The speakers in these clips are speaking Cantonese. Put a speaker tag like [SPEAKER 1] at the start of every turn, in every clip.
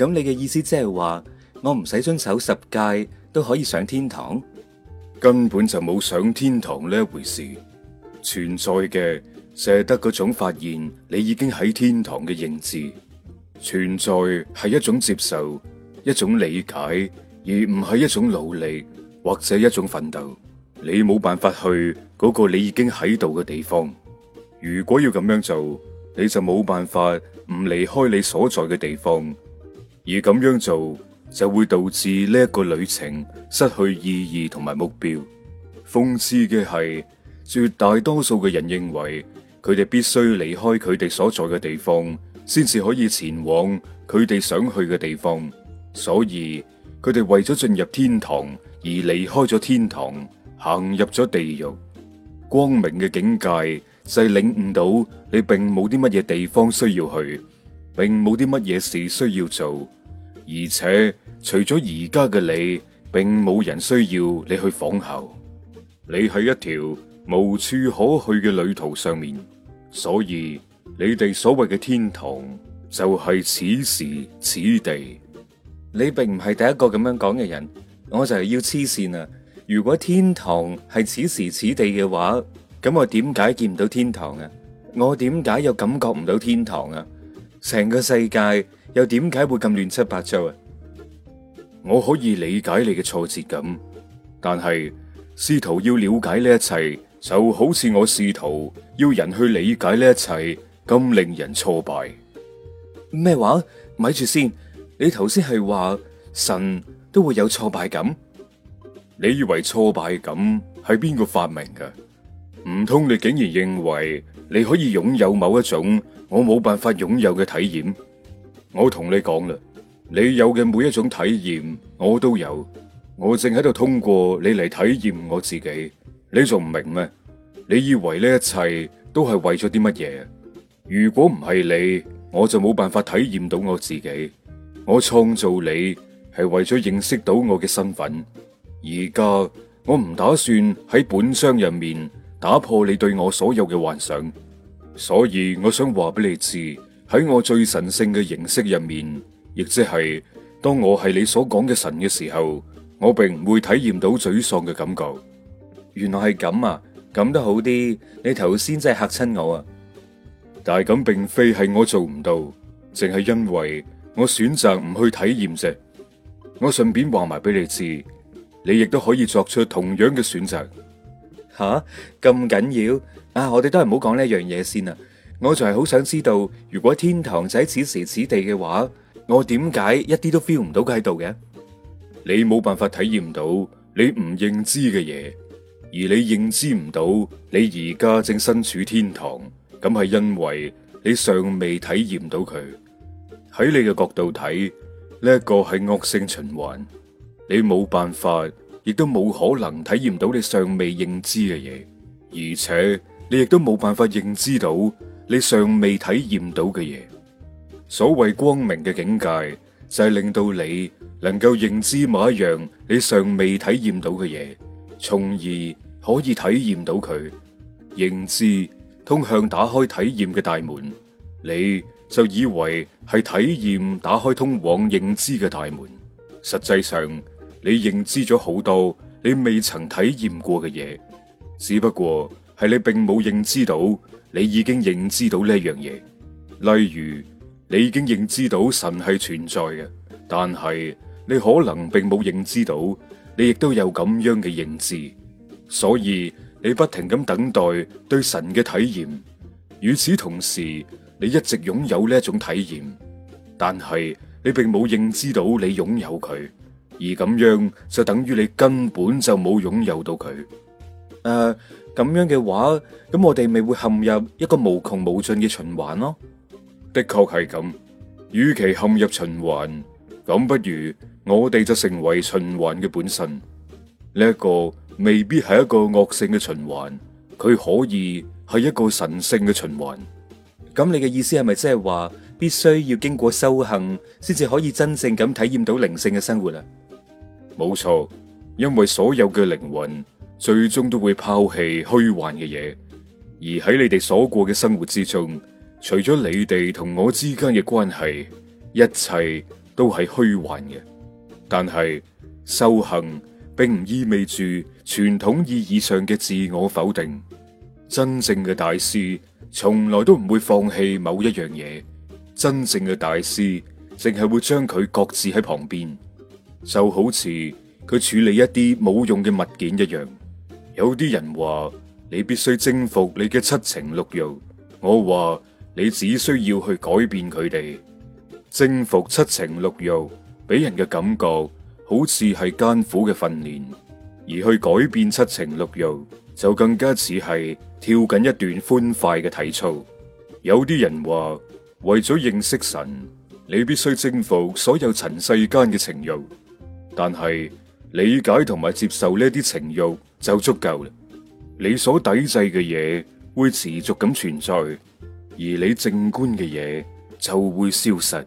[SPEAKER 1] 咁你嘅意思即係話，我唔使遵守十戒都可以上天堂？根本就冇上天堂呢一回事，存在嘅就係得嗰種發現你已經喺天堂嘅認知。存在係一種接受，一種理解，而唔係一種努力或者一種奮鬥。你冇辦法去嗰個你已經喺度嘅地方。如果要咁樣做，你就冇辦法唔離開你所在嘅地方。而咁樣做就會導致呢一個旅程失去意義同埋目標。諷刺嘅係，絕大多數嘅人認為佢哋必須離開佢哋所在嘅地方，先至可以前往佢哋想去嘅地方。所以佢哋為咗進入天堂而離開咗天堂，行入咗地獄。光明嘅境界就係領悟到你並冇啲乜嘢地方需要去。並冇啲乜嘢事需要做，而且除咗而家嘅你，並冇人需要你去仿效。你喺一條無處可去嘅旅途上面，所以你哋所謂嘅天堂就係此時此地。你並唔係第一個咁樣講嘅人，我就係要黐線啦。如果天堂係此時此地嘅話，咁我點解見唔到天堂啊？我點解又感覺唔到天堂啊？成個世界又點解會咁亂七八糟啊？我可以理解你嘅挫折感，但係試圖要了解呢一切，就好似我試圖要人去理解呢一切咁令人挫敗。咩話？咪住先，你頭先係話神都會有挫敗感？你以為挫敗感係邊個發明㗎？唔通你竟然認為你可以擁有某一種？我冇辦法擁有嘅體驗，我同你講啦，你有嘅每一種體驗，我都有。我正喺度通過你嚟體驗我自己，你仲唔明咩？你以為呢一切都係為咗啲乜嘢？如果唔係你，我就冇辦法體驗到我自己。我創造你係為咗認識到我嘅身份。而家我唔打算喺本章入面打破你對我所有嘅幻想。所以我想話俾你知，喺我最神聖嘅形式入面，亦即係當我係你所講嘅神嘅時候，我並唔會體驗到沮喪嘅感覺。原來係咁啊，咁都好啲。你頭先真係嚇親我啊！但係咁並非係我做唔到，淨係因為我選擇唔去體驗啫。我順便話埋俾你知，你亦都可以作出同樣嘅選擇。吓咁緊要啊！我哋都係唔好講呢一樣嘢先啦。我就係好想知道，如果天堂仔此時此地嘅話，我點解一啲都 feel 唔到佢喺度嘅？你冇辦法體驗到你唔認知嘅嘢，而你認知唔到你而家正身處天堂，咁係因為你尚未體驗到佢。喺你嘅角度睇，呢一個係惡性循環，你冇辦法。亦都冇可能體驗到你尚未認知嘅嘢，而且你亦都冇辦法認知到你尚未體驗到嘅嘢。所謂光明嘅境界，就係令到你能夠認知某一樣你尚未體驗到嘅嘢，從而可以體驗到佢。認知通向打開體驗嘅大門，你就以為係體驗打開通往認知嘅大門，實際上。你認知咗好多你未曾體驗過嘅嘢，只不過係你並冇認知到你已經認知到呢樣嘢。例如，你已經認知到神係存在嘅，但係你可能並冇認知到你亦都有咁樣嘅認知。所以你不停咁等待對神嘅體驗，與此同時，你一直擁有呢種體驗，但係你並冇認知到你擁有佢。而咁樣就等於你根本就冇擁有到佢。誒，咁樣嘅話，咁我哋咪會陷入一個無窮無盡嘅循環咯？的確係咁，與其陷入循環，咁不如我哋就成為循環嘅本身。呢、這、一個未必係一個惡性嘅循環，佢可以係一個神聖嘅循環。咁你嘅意思係咪即係話，必須要經過修行，先至可以真正咁體驗到靈性嘅生活啊？冇錯，因為所有嘅靈魂最終都會拋棄虛幻嘅嘢，而喺你哋所過嘅生活之中，除咗你哋同我之間嘅關係，一切都係虛幻嘅。但係修行並唔意味住傳統意義上嘅自我否定。真正嘅大師從來都唔會放棄某一樣嘢，真正嘅大師淨係會將佢擱置喺旁邊。就好似佢處理一啲冇用嘅物件一樣。有啲人話你必須征服你嘅七情六欲，我話你只需要去改變佢哋。征服七情六欲俾人嘅感覺好似係艱苦嘅訓練，而去改變七情六欲就更加似係跳緊一段歡快嘅體操。有啲人話為咗認識神，你必須征服所有塵世間嘅情欲。但係理解同埋接受呢啲情欲就足夠啦。你所抵制嘅嘢會持續咁存在，而你正觀嘅嘢就會消失。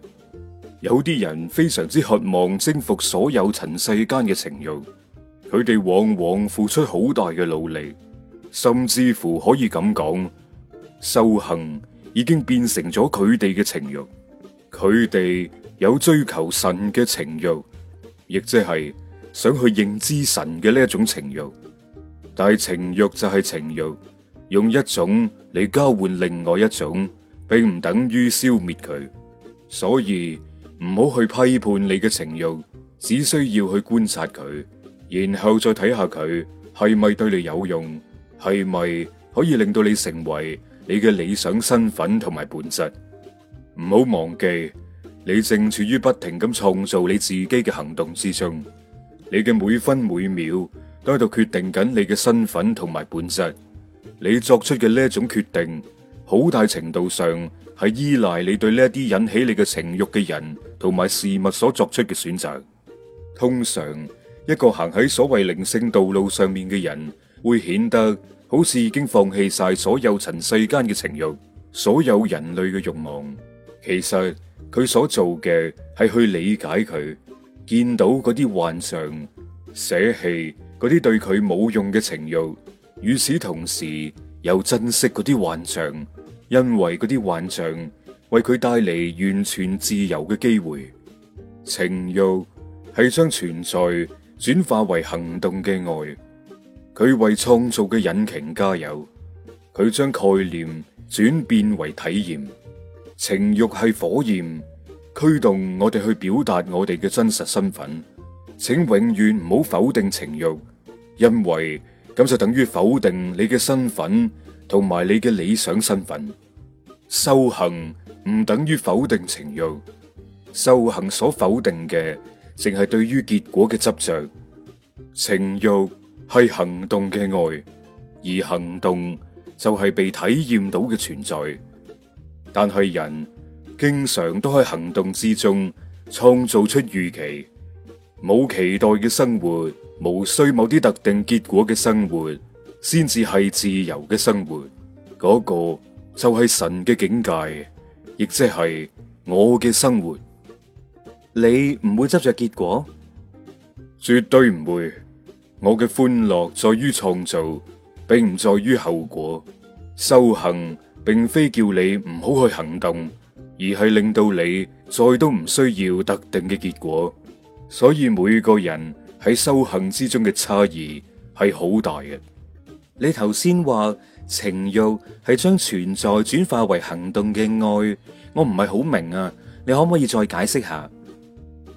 [SPEAKER 1] 有啲人非常之渴望征服所有塵世間嘅情欲，佢哋往往付出好大嘅努力，甚至乎可以咁講，修行已經變成咗佢哋嘅情欲。佢哋有追求神嘅情欲。亦即係想去認知神嘅呢一種情欲，但係情欲就係情欲，用一種嚟交換另外一種，並唔等於消滅佢。所以唔好去批判你嘅情欲，只需要去觀察佢，然後再睇下佢係咪對你有用，係咪可以令到你成為你嘅理想身份同埋本質。唔好忘記。你正處於不停咁創造你自己嘅行動之中。你嘅每分每秒都喺度決定緊你嘅身份同埋本質。你作出嘅呢種決定，好大程度上，係依賴你對呢啲引起你嘅情欲嘅人同埋事物所作出嘅選擇。通常，一個行喺所謂靈性道路上面嘅人，會顯得，好似已經放棄晒所有塵世間嘅情欲，所有人類嘅欲望。其實，佢所做嘅係去理解佢，見到嗰啲幻象，捨棄嗰啲對佢冇用嘅情欲，與此同時又珍惜嗰啲幻象，因為嗰啲幻象為佢帶嚟完全自由嘅機會。情欲係將存在轉化為行動嘅愛，佢為創造嘅引擎加油，佢將概念轉變為體驗。情欲是火焰，驅動我們去表達我們的真實身份。請永遠不要否定情欲，因為這就等於否定你的身份和你的理想身份。修行不等於否定情欲，修行所否定的只是對於結果的執着。情欲是行動的愛，而行動就是被體驗到的存在。但係人經常都喺行動之中創造出預期，冇期待嘅生活，無需某啲特定結果嘅生活，先至係自由嘅生活。嗰個就係神嘅境界，亦即係我嘅生活。你唔會執着結果，絕對唔會。我嘅歡樂在於創造，並唔在於後果。修行。並非叫你唔好去行動，而係令到你再都唔需要特定嘅結果。所以每個人喺修行之中嘅差異係好大嘅。你頭先話情慾係將存在轉化為行動嘅愛，我唔係好明啊。你可唔可以再解釋下？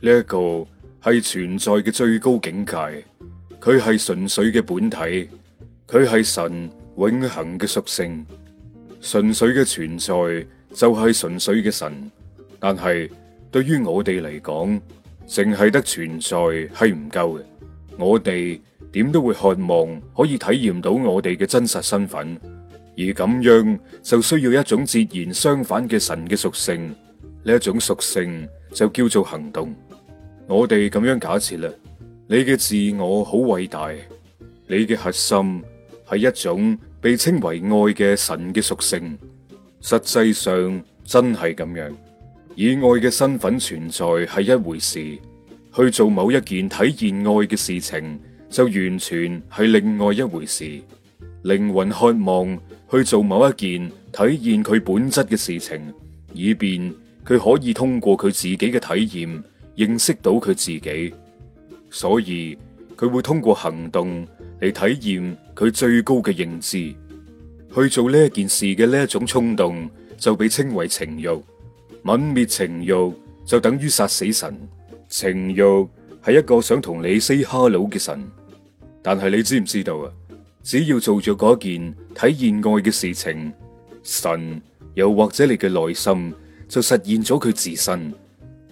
[SPEAKER 1] 呢一個係存在嘅最高境界，佢係純粹嘅本體，佢係神永恆嘅屬性。純粹嘅存在就係純粹嘅神，但係對於我哋嚟講，淨係得存在係唔夠嘅。我哋點都會渴望可以體驗到我哋嘅真實身份，而咁樣就需要一種截然相反嘅神嘅屬性。呢一種屬性就叫做行動。我哋咁樣假設啦，你嘅自我好偉大，你嘅核心係一種。被稱為愛嘅神嘅屬性，實際上真係咁樣。以愛嘅身份存在係一回事，去做某一件體現愛嘅事情，就完全係另外一回事。靈魂渴望去做某一件體現佢本質嘅事情，以便佢可以通過佢自己嘅體驗認識到佢自己。所以，佢會通過行動嚟體驗。佢最高嘅認知，去做呢一件事嘅呢一種衝動就被稱為情欲，泯滅情欲就等於殺死神。情欲係一個想同你 say hello 嘅神，但係你知唔知道啊？只要做咗嗰件體現愛嘅事情，神又或者你嘅內心就實現咗佢自身，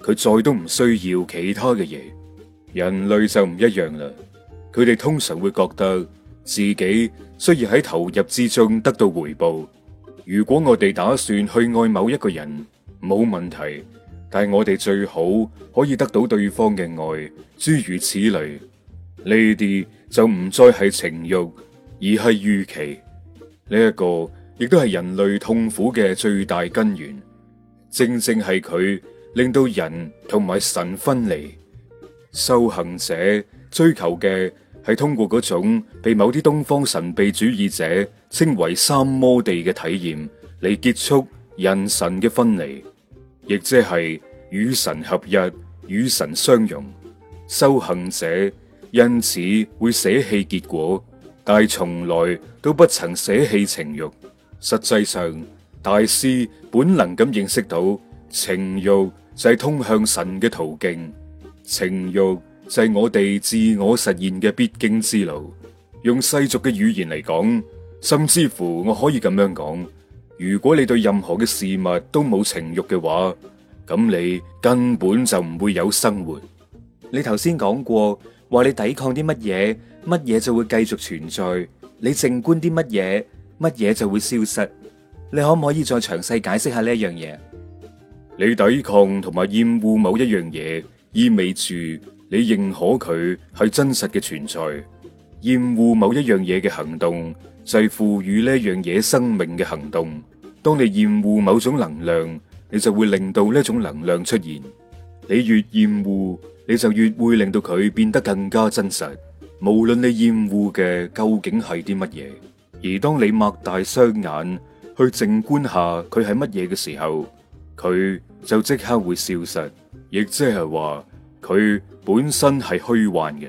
[SPEAKER 1] 佢再都唔需要其他嘅嘢。人類就唔一樣啦，佢哋通常會覺得。自己需要喺投入之中得到回報，如果我哋打算去愛某一個人，冇問題，但係我哋最好可以得到對方嘅愛。諸如此類，呢啲就唔再係情欲，而係預期。呢一個亦都係人類痛苦嘅最大根源，正正係佢令到人同埋神分離。修行者追求嘅。係通過嗰種被某啲東方神秘主義者稱為三摩地嘅體驗嚟結束人神嘅分離，亦即係與神合一、與神相融。修行者因此會捨棄結果，但係從來都不曾捨棄情欲。實際上，大師本能咁認識到，情欲就係通向神嘅途徑，情欲，就係我哋自我實現嘅必經之路。用世俗嘅語言嚟講，甚至乎我可以咁樣講：如果你對任何嘅事物都冇情欲嘅話，咁你根本就唔會有生活。你頭先講過，話你抵抗啲乜嘢，乜嘢就會繼續存在；你靜觀啲乜嘢，乜嘢就會消失。你可唔可以再詳細解釋下呢樣嘢？你抵抗同埋厭惡某一樣嘢，意味住。你認可佢係真實嘅存在，厭惡某一樣嘢嘅行動就係賦予呢樣嘢生命嘅行動。當你厭惡某種能量，你就會令到呢種能量出現。你越厭惡，你就越會令到佢變得更加真實。無論你厭惡嘅究竟係啲乜嘢，而當你擘大雙眼去靜觀下佢係乜嘢嘅時候，佢就即刻會消失，亦即係話佢。本身係虛幻嘅。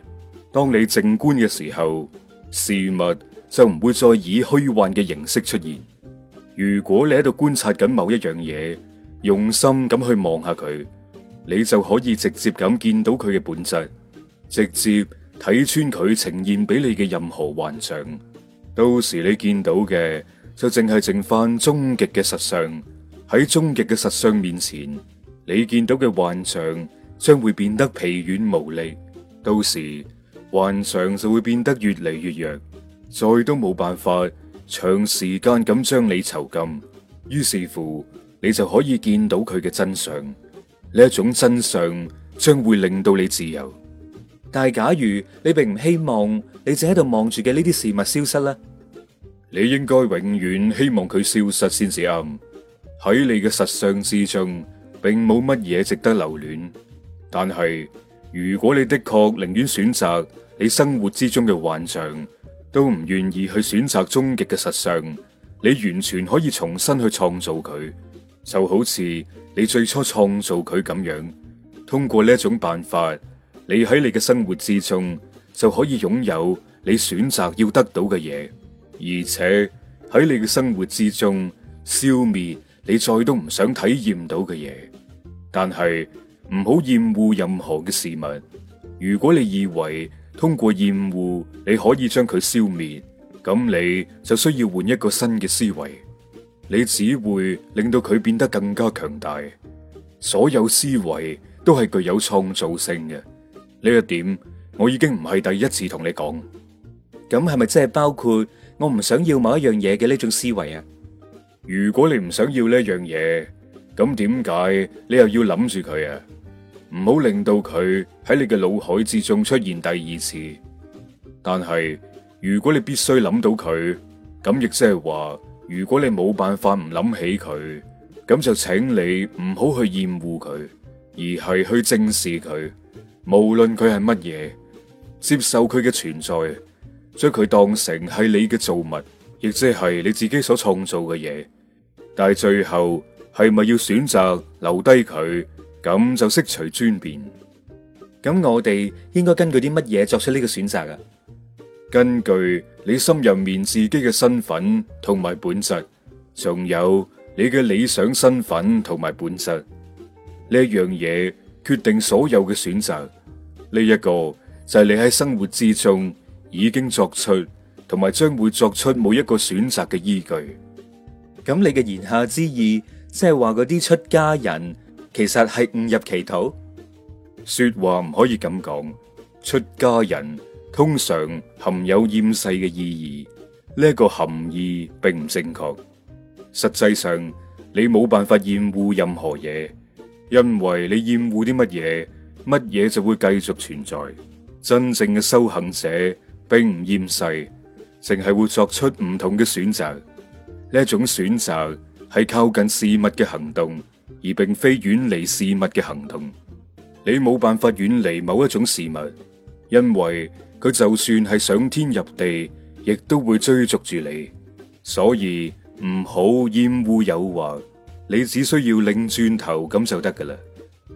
[SPEAKER 1] 當你靜觀嘅時候，事物就唔會再以虛幻嘅形式出現。如果你喺度觀察緊某一樣嘢，用心咁去望下佢，你就可以直接咁見到佢嘅本質，直接睇穿佢呈現俾你嘅任何幻象。到時你見到嘅，就淨係剩翻終極嘅實相。喺終極嘅實相面前，你見到嘅幻象，將會變得疲軟無力，到時幻想就會變得越嚟越弱，再都冇辦法長時間咁將你囚禁。於是乎，你就可以見到佢嘅真相。呢一種真相將會令到你自由。但係，假如你並唔希望你正喺度望住嘅呢啲事物消失咧，你應該永遠希望佢消失先至啱。喺你嘅實相之中，並冇乜嘢值得留戀。但係，如果你的確寧願選擇你生活之中嘅幻象，都唔願意去選擇終極嘅實相，你完全可以重新去創造佢，就好似你最初創造佢咁樣。通過呢一種辦法，你喺你嘅生活之中就可以擁有你選擇要得到嘅嘢，而且喺你嘅生活之中消滅你再都唔想體驗到嘅嘢。但係。唔好厭惡任何嘅事物。如果你以為通過厭惡你可以將佢消滅，咁你就需要換一個新嘅思維。你只會令到佢變得更加強大。所有思維都係具有創造性嘅。呢一點我已經唔係第一次同你講。咁係咪即係包括我唔想要某一樣嘢嘅呢種思維啊？如果你唔想要呢一樣嘢，咁點解你又要諗住佢啊？唔好令到佢喺你嘅腦海之中出現第二次。但係，如果你必須諗到佢，咁亦即係話，如果你冇辦法唔諗起佢，咁就請你唔好去厭惡佢，而係去正視佢，無論佢係乜嘢，接受佢嘅存在，將佢當成係你嘅造物，亦即係你自己所創造嘅嘢。但係最後，係咪要選擇留低佢？咁就悉隨尊便，咁我哋應該根據啲乜嘢作出呢個選擇啊？根據你心入面自己嘅身份同埋本質，仲有你嘅理想身份同埋本質呢一樣嘢，這個、決定所有嘅選擇。呢、這、一個就係你喺生活之中已經作出同埋將會作出每一個選擇嘅依據。咁你嘅言下之意，即係話嗰啲出家人。其實係誤入歧途？說話唔可以咁講。出家人通常含有厭世嘅意義，呢一個含義並唔正確。實際上，你冇辦法厭惡任何嘢，因為你厭惡啲乜嘢，乜嘢就會繼續存在。真正嘅修行者並唔厭世，淨係會作出唔同嘅選擇。呢一種選擇係靠近事物嘅行動，而並非遠離事物嘅行動，你冇辦法遠離某一種事物，因為佢就算係上天入地，亦都會追逐住你。所以唔好厭惡誘惑，你只需要擰轉頭咁就得噶啦。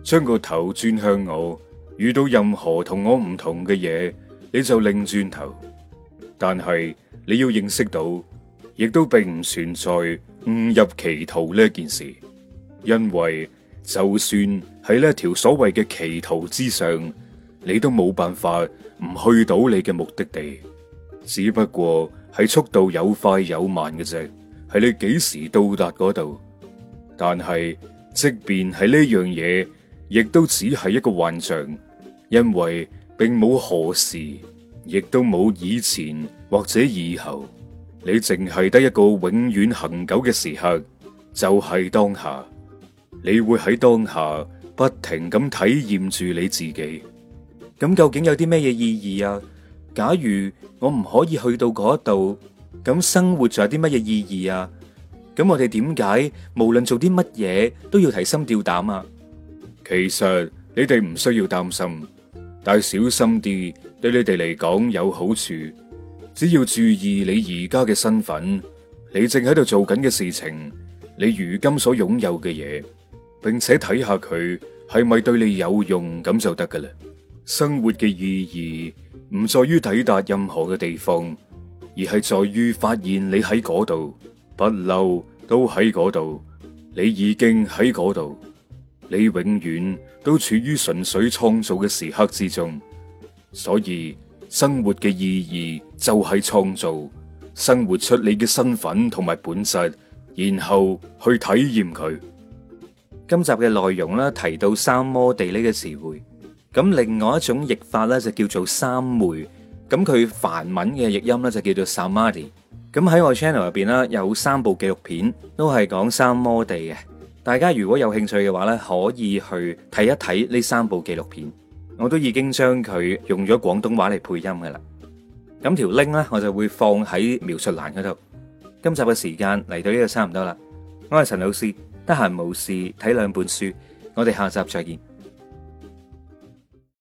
[SPEAKER 1] 將個頭轉向我，遇到任何同我唔同嘅嘢，你就擰轉頭。但係你要認識到，亦都並唔存在誤入歧途呢件事。因為就算喺呢一條所謂嘅歧途之上，你都冇辦法唔去到你嘅目的地。只不過係速度有快有慢嘅，啫，係你幾時到達嗰度。但係，即便係呢樣嘢，亦都只係一個幻象，因為並冇何時，亦都冇以前或者以後。你淨係得一個永遠恆久嘅時刻，就係當下。你會喺當下不停咁體驗住你自己，咁究竟有啲咩嘢意義啊？假如我唔可以去到嗰度，咁生活仲有啲乜嘢意義啊？咁我哋點解無論做啲乜嘢都要提心吊膽啊？其實你哋唔需要擔心，但係小心啲對你哋嚟講有好處。只要注意你而家嘅身份，你正喺度做緊嘅事情，你如今所擁有嘅嘢。並且睇下佢係咪對你有用，咁就得噶啦。生活嘅意義唔在於抵達任何嘅地方，而係在於發現你喺嗰度，不嬲都喺嗰度，你已經喺嗰度，你永遠都處於純粹創造嘅時刻之中。所以生活嘅意義就係創造，生活出你嘅身份同埋本質，然後去體驗佢。今集嘅內容咧，提到三摩地呢個詞彙，咁另外一種譯法咧就叫做三昧，咁佢梵文嘅譯音咧就叫做 samadhi。咁喺我 channel 入邊咧，有三部紀錄片都係講三摩地嘅，大家如果有興趣嘅話咧，可以去睇一睇呢三部紀錄片。我都已經將佢用咗廣東話嚟配音噶啦，咁條 link 咧我就會放喺描述欄嗰度。今集嘅時間嚟到呢度差唔多啦，我係陳老師。得閒冇事睇兩本書，我哋下集再見。